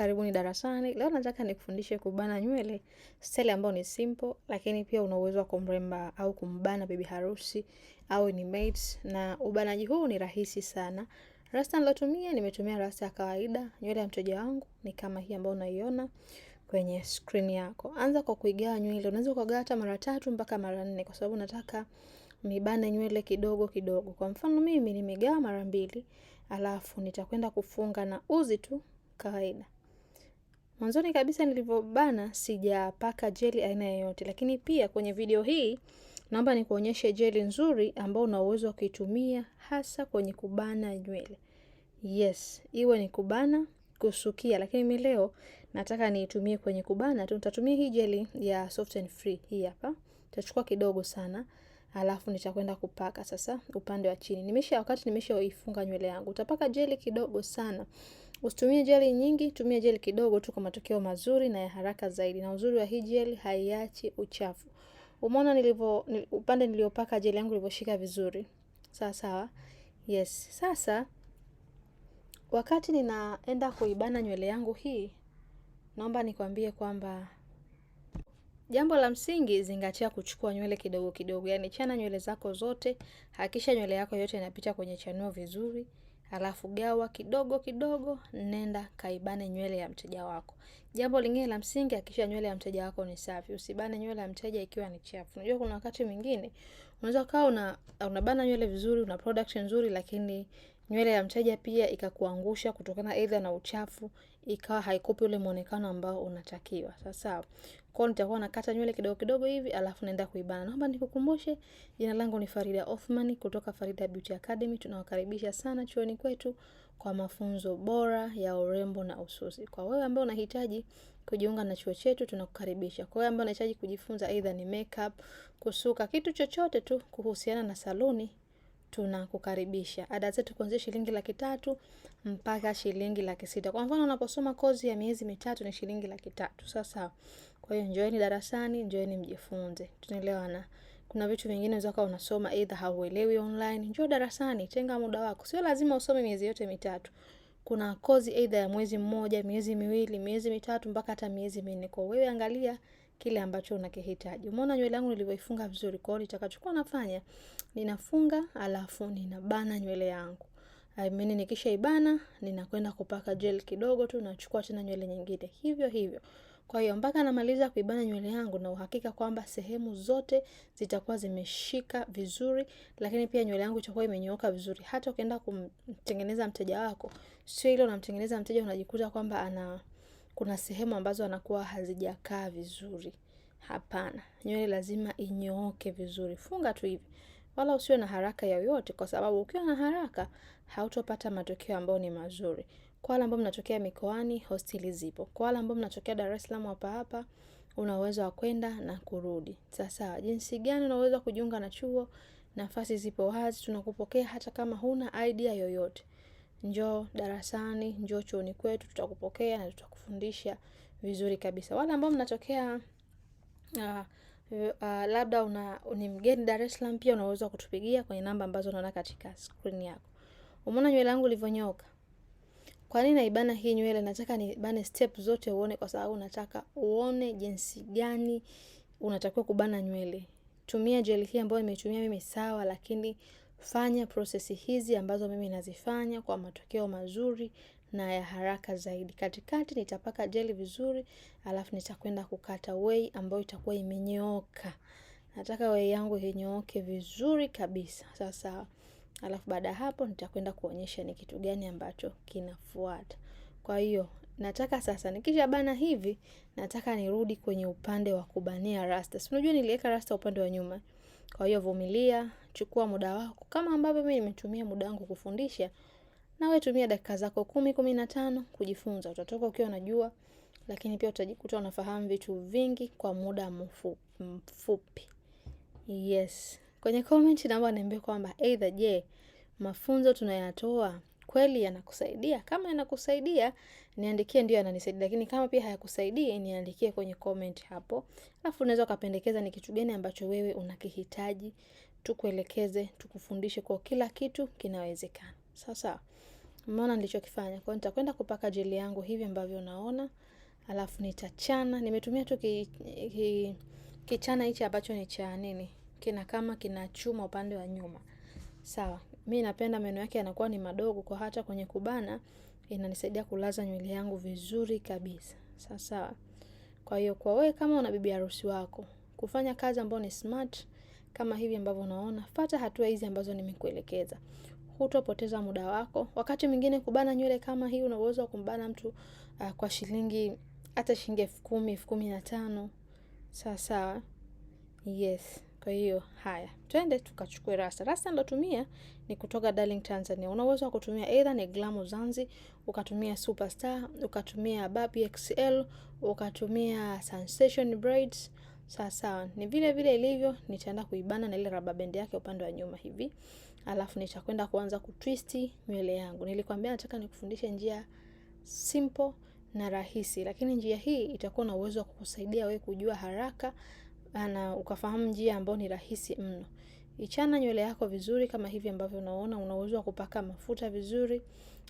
Karibuni darasani. Leo nataka nikufundishe kubana nywele, style ambayo ni simple, lakini pia una uwezo wa kumremba au kumbana bibi harusi au ni maids, na ubanaji huu ni rahisi sana. Rasta nilotumia, nimetumia rasta ya kawaida. Nywele ya mteja wangu ni kama hii ambayo unaiona kwenye screen yako. Anza kwa kuigawa nywele, unaweza kugawa hata mara tatu mpaka mara nne, kwa sababu nataka nibane nywele kidogo kidogo. Kwa mfano mimi nimegawa mara mbili, alafu nitakwenda kufunga na uzi tu kawaida. Mwanzoni kabisa nilivyobana sijapaka jeli aina yoyote, lakini pia kwenye video hii naomba nikuonyeshe jeli nzuri ambao una uwezo wa kuitumia hasa kwenye kubana nywele. Yes, iwe ni kubana, kusukia, lakini mimi leo nataka niitumie kwenye kubana tu. Nitatumia hii jeli ya Soft and Free hii hapa. Nitachukua kidogo sana, alafu nitakwenda kupaka sasa upande wa chini. Nimesha wakati nimeshaifunga nywele yangu. Utapaka jeli kidogo sana Usitumie jeli nyingi, tumia jeli kidogo tu kwa matokeo mazuri na ya haraka zaidi. Na uzuri wa hii jeli haiachi uchafu. Umeona nilivyo upande niliopaka jeli yangu ilivyoshika vizuri. Sawa sawa. Yes. Sasa wakati ninaenda kuibana nywele yangu hii, naomba nikwambie kwamba jambo la msingi, zingatia kuchukua nywele kidogo kidogo, yaani chana nywele zako zote, hakisha nywele yako yote inapita kwenye chanuo vizuri. Alafu gawa kidogo kidogo, nenda kaibane nywele ya mteja wako. Jambo lingine la msingi, hakikisha nywele ya mteja wako ni safi. Usibane nywele ya mteja ikiwa ni chafu. Unajua kuna wakati mwingine unaweza kaa una unabana nywele vizuri, una production nzuri, lakini nywele ya mteja pia ikakuangusha kutokana aidha na uchafu ikawa haikupi ule muonekano ambao unatakiwa. Sasa kwa nitakuwa nakata nywele kidogo kidogo hivi alafu naenda kuibana. Naomba nikukumbushe jina langu ni Farida Othman kutoka Farida Beauty Academy. Tunawakaribisha sana chuoni kwetu kwa mafunzo bora ya urembo na ususi. Kwa wewe ambao unahitaji kujiunga na chuo chetu tunakukaribisha. Kwa wewe ambao unahitaji kujifunza aidha ni makeup, kusuka, kitu chochote tu kuhusiana na saluni tunakukaribisha. Ada zetu kuanzia shilingi laki tatu mpaka shilingi laki sita. Kwa mfano unaposoma kozi ya miezi mitatu ni shilingi laki tatu. Sasa kwa hiyo njoeni darasani, njoeni mjifunze. Tunaelewana? Kuna vitu vingine zaka unasoma eidha hauelewi online. Njoo darasani, tenga muda wako. Sio lazima usome miezi yote mitatu. Kuna kozi aidha ya mwezi mmoja, miezi miwili, miezi mitatu mpaka hata miezi minne. Kwa wewe angalia kile ambacho unakihitaji. Umeona nywele yangu nilivyoifunga vizuri. Kwa hiyo nitakachokuwa nafanya ninafunga, alafu ninabana nywele yangu. I mean, nikisha ibana ninakwenda kupaka gel kidogo tu, nachukua tena nywele nyingine hivyo hivyo. Kwa hiyo mpaka namaliza kuibana nywele yangu na uhakika kwamba sehemu zote zitakuwa zimeshika vizuri, lakini pia nywele yangu itakuwa imenyooka vizuri. Hata ukienda kumtengeneza mteja wako, sio ile unamtengeneza mteja unajikuta kwamba ana kuna sehemu ambazo anakuwa hazijakaa vizuri. Hapana, nywele lazima inyooke vizuri. Funga tu hivi, wala usiwe na haraka yoyote, kwa sababu ukiwa na haraka hautopata matokeo ambayo ni mazuri. Kwa wale ambao mnatokea mikoani, hosteli zipo. Kwa wale ambao mnatokea Dar es Salaam hapa hapa, una uwezo wa kwenda na kurudi. Sasa jinsi gani unaweza kujiunga na chuo? Nafasi zipo wazi, tunakupokea hata kama huna idea yoyote njoo darasani, njoo chuoni kwetu, tutakupokea na tutakufundisha vizuri kabisa. Wale ambao mnatokea uh, Uh, labda una ni mgeni Dar es Salaam, pia unaweza kutupigia kwenye namba ambazo unaona katika skrini yako. Umeona nywele yangu ilivyonyoka? Kwa nini naibana hii nywele? Nataka nibane step zote uone, kwa sababu nataka uone jinsi gani unatakiwa kubana nywele. Tumia gel hii ambayo nimetumia mimi sawa, lakini Fanya prosesi hizi ambazo mimi nazifanya kwa matokeo mazuri na ya haraka zaidi. Katikati nitapaka jeli vizuri, alafu nitakwenda kukata wei ambayo itakuwa imenyooka. Nataka wei yangu inyooke vizuri kabisa. Sasa alafu baada hapo nitakwenda kuonyesha ni kitu gani ambacho kinafuata. Kwa hiyo nataka sasa nikisha bana hivi, nataka nirudi kwenye upande wa kubania rasta. Si unajua niliweka rasta upande wa nyuma. Kwa hiyo vumilia, chukua muda wako kama ambavyo mimi nimetumia muda wangu kufundisha, na wewe tumia dakika zako kumi, kumi na tano kujifunza. Utatoka ukiwa unajua, lakini pia utajikuta unafahamu vitu vingi kwa muda mfupi. Yes, kwenye comment naomba niambie kwamba either, je, mafunzo tunayatoa kweli yanakusaidia? Kama yanakusaidia niandikie ndio yananisaidia, lakini kama pia hayakusaidii niandikie kwenye comment hapo, alafu unaweza ukapendekeza ni kitu gani ambacho wewe unakihitaji tukuelekeze, tukufundishe kwa kila kitu kinawezekana. Sasa umeona nilichokifanya? Kwa nitakwenda kupaka jeli yangu hivi ambavyo unaona, alafu nitachana. Nimetumia tu ki, ki, kichana hichi ambacho ni cha nini, kina kama kina chuma upande wa nyuma, sawa. Mi napenda meno yake yanakuwa ni madogo, kwa hata kwenye kubana inanisaidia kulaza nywele yangu vizuri kabisa, sawa sawa. Kwa hiyo kwa wewe kama una bibi harusi wako, kufanya kazi ambayo ni smart kama hivi ambavyo unaona. fata hatua hizi ambazo nimekuelekeza. Hutopoteza muda wako. Wakati mwingine kubana nywele kama hii, una uwezo wa kumbana mtu uh, kwa shilingi hata shilingi elfu kumi elfu kumi na tano sawa sawa. Yes. Kwa hiyo haya, twende tukachukue rasta. Rasta nilotumia ni kutoka Darling Tanzania. Una uwezo wa kutumia either ni Glamu Zanzi, ukatumia Superstar, ukatumia Baby XL, ukatumia Sensation Braids Sawa sawa. Ni vile vile ilivyo, nitaenda kuibana na ile rubber band yake upande wa nyuma hivi. Alafu nitakwenda kuanza kutwist nywele yangu. Nilikwambia nataka nikufundishe njia simple na rahisi, lakini njia hii itakuwa na uwezo wa kukusaidia wewe kujua haraka na ukafahamu njia ambayo ni rahisi mno. Ichana nywele yako vizuri kama hivi ambavyo unaona, unaweza kupaka mafuta vizuri,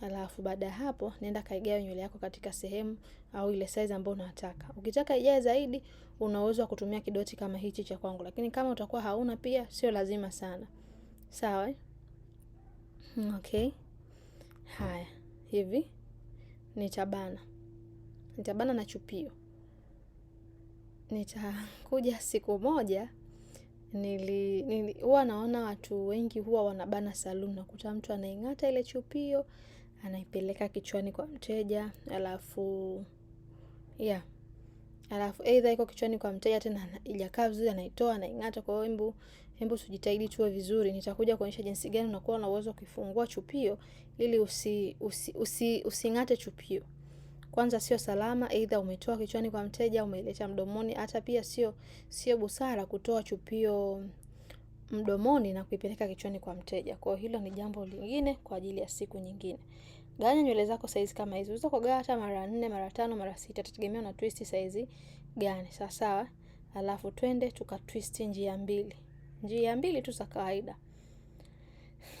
alafu baada ya hapo nenda kaigawe nywele yako katika sehemu au ile size ambayo unataka. Ukitaka ijae zaidi, unaweza kutumia kidoti kama hichi cha kwangu, lakini kama utakuwa hauna pia sio lazima sana. Sawa? Okay. Haya, hivi nitabana, nitabana na chupio. Nitakuja siku moja nili, nili huwa naona watu wengi huwa wanabana saluni, nakuta mtu anaing'ata ile chupio anaipeleka kichwani kwa mteja alafu yeah alafu aidha iko kichwani kwa mteja tena ijakaa vizuri, anaitoa anaing'ata. Kwa hiyo hebu hebu tujitahidi tuwe vizuri. Nitakuja kuonyesha jinsi gani unakuwa na uwezo wa kuifungua chupio ili usi, usi, usi, using'ate chupio. Kwanza sio salama, aidha umetoa kichwani kwa mteja, umeileta mdomoni. Hata pia sio sio busara kutoa chupio mdomoni na kuipeleka kichwani kwa mteja. Kwa hiyo hilo ni jambo lingine kwa ajili ya siku nyingine. Gawanya nywele zako saizi kama hizi. Unaweza kugawa hata mara nne, mara tano, mara sita, tategemea na twist saizi gani. Sawa sawa. Alafu twende tukatwist njia mbili. Njia mbili tu za kawaida.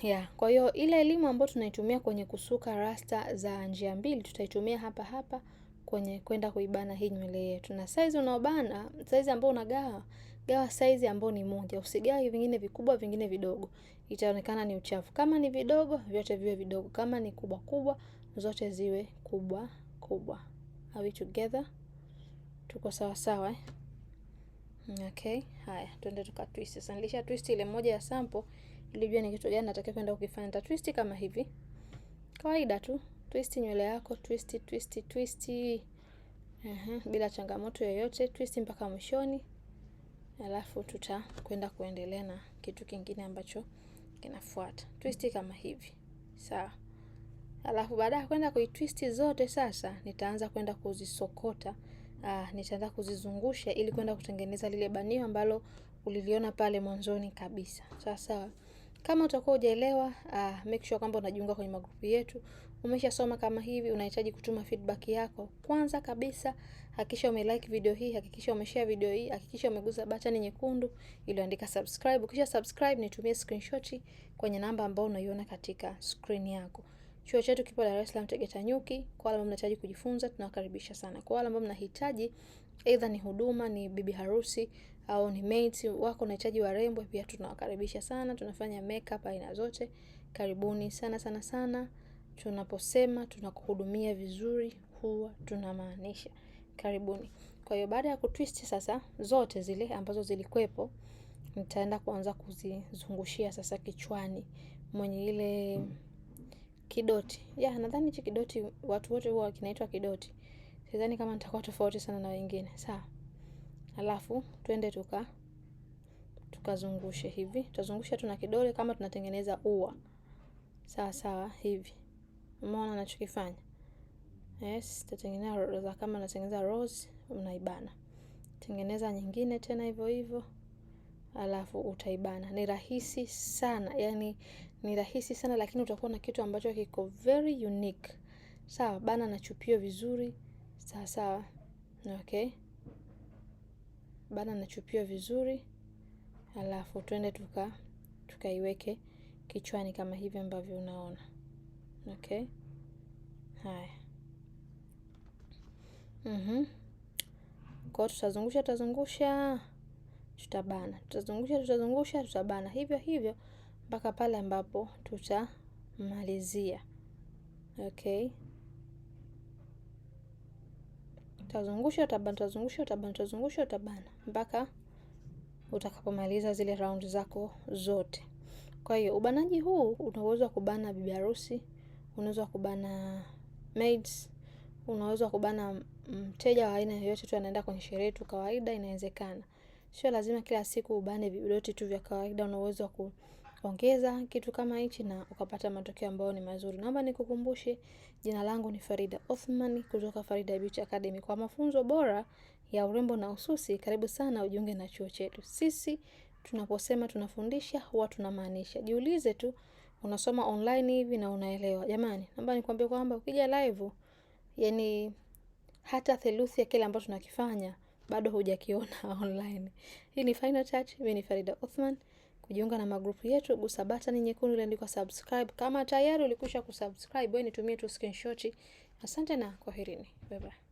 Yeah, kwa hiyo ile elimu ambayo tunaitumia kwenye kusuka rasta za njia mbili tutaitumia hapa hapa kwenye kwenda kuibana hii nywele yetu. Na size unaobana, size ambayo unagawa, gawa size ambayo ni moja. Usigawe vingine vikubwa vingine vidogo. Itaonekana ni uchafu. Kama ni vidogo, vyote viwe vidogo. Kama ni kubwa kubwa, zote ziwe kubwa kubwa. Are we together? Tuko sawa sawa eh? Mm, okay, haya, twende tukatwist. Sasa nilisha twist ile moja ya sample nilijua ni kitu gani natakiwa kwenda kukifanya. Nita twist kama hivi kawaida tu, twist nywele yako, twist twist twist, uh-huh, bila changamoto yoyote, twist mpaka mwishoni, alafu tuta kwenda kuendelea na kitu kingine ambacho kinafuata. Twist kama hivi, sawa. Alafu baada ya kwenda kuitwist zote, sasa nitaanza kwenda kuzisokota. Ah, nitaanza kuzizungusha ili kwenda kutengeneza lile banio ambalo uliliona pale mwanzoni kabisa. Sawa sawa. Kama utakuwa hujaelewa, uh, make sure kwamba unajiunga kwenye magrupu yetu. Umeshasoma kama hivi, unahitaji kutuma feedback yako. Kwanza kabisa, hakikisha umelike video hii, hakikisha umeshare video hii, hakikisha umegusa button nyekundu iliyoandika subscribe. Ukisha subscribe, nitumie screenshot kwenye namba ambayo unaiona katika screen yako. Chuo chetu kipo Dar es Salaam Tegeta Nyuki. Kwa wale ambao mnahitaji kujifunza, tunawakaribisha sana. Kwa wale ambao mnahitaji Aidha ni huduma, ni bibi harusi au ni maid wako unahitaji warembo, pia tunawakaribisha sana. Tunafanya makeup aina zote. Karibuni sana sana sana. Tunaposema tunakuhudumia vizuri, huwa tunamaanisha karibuni. Kwa hiyo baada ya kutwist sasa zote zile ambazo zilikwepo, nitaenda kuanza kuzizungushia sasa kichwani mwenye ile kidoti. Ya nadhani hichi kidoti watu wote huwa kinaitwa kidoti. Sidhani kama nitakuwa tofauti sana na wengine, sawa? Alafu twende tuka tukazungushe hivi, tutazungusha tu na kidole kama tunatengeneza ua, sawa sawa hivi. Umeona anachokifanya? Yes, tutatengeneza kama natengeneza rose, unaibana. Tengeneza nyingine tena hivyo hivyo, alafu utaibana. Ni rahisi sana, yani ni rahisi sana, lakini utakuwa na kitu ambacho kiko very unique. Sawa, bana na chupio vizuri sawa sawa. Okay bana, nachupia vizuri, alafu twende tuka tukaiweke kichwani kama hivi ambavyo unaona. Okay, haya mhm. Kwa tutazungusha tutazungusha, tutabana, tutazungusha tutazungusha, tutabana hivyo hivyo mpaka pale ambapo tutamalizia. Okay. Utazungusha, utabana, utazungusha, utabana, utazungusha, utabana mpaka utakapomaliza zile raundi zako zote. Kwa hiyo ubanaji huu unaweza kubana bibi harusi, unaweza kubana maids, unaweza kubana mteja wa aina yoyote tu anaenda kwenye sherehe tu kawaida, inawezekana. Sio lazima kila siku ubane vidoti tu vya kawaida, unaweza ku ongeza kitu kama hichi na ukapata matokeo ambayo ni mazuri. Naomba nikukumbushe, jina langu ni Farida Othman kutoka Farida Beauty Academy. Kwa mafunzo bora ya urembo na ususi, karibu sana ujiunge na chuo chetu. Sisi tunaposema tunafundisha huwa tunamaanisha. Jiulize tu, unasoma online hivi na unaelewa? Jamani, naomba nikwambie kwamba ukija live, yani hata theluthi ya kile ambacho tunakifanya bado hujakiona online. Hii ni final touch. Mimi ni Farida Othman. Kujiunga na magrupu yetu, gusa batani nyekundu iliandikwa subscribe. Kama tayari ulikwisha kusubscribe, wewe nitumie tu screenshot. Asante na kwaherini. Bye bye.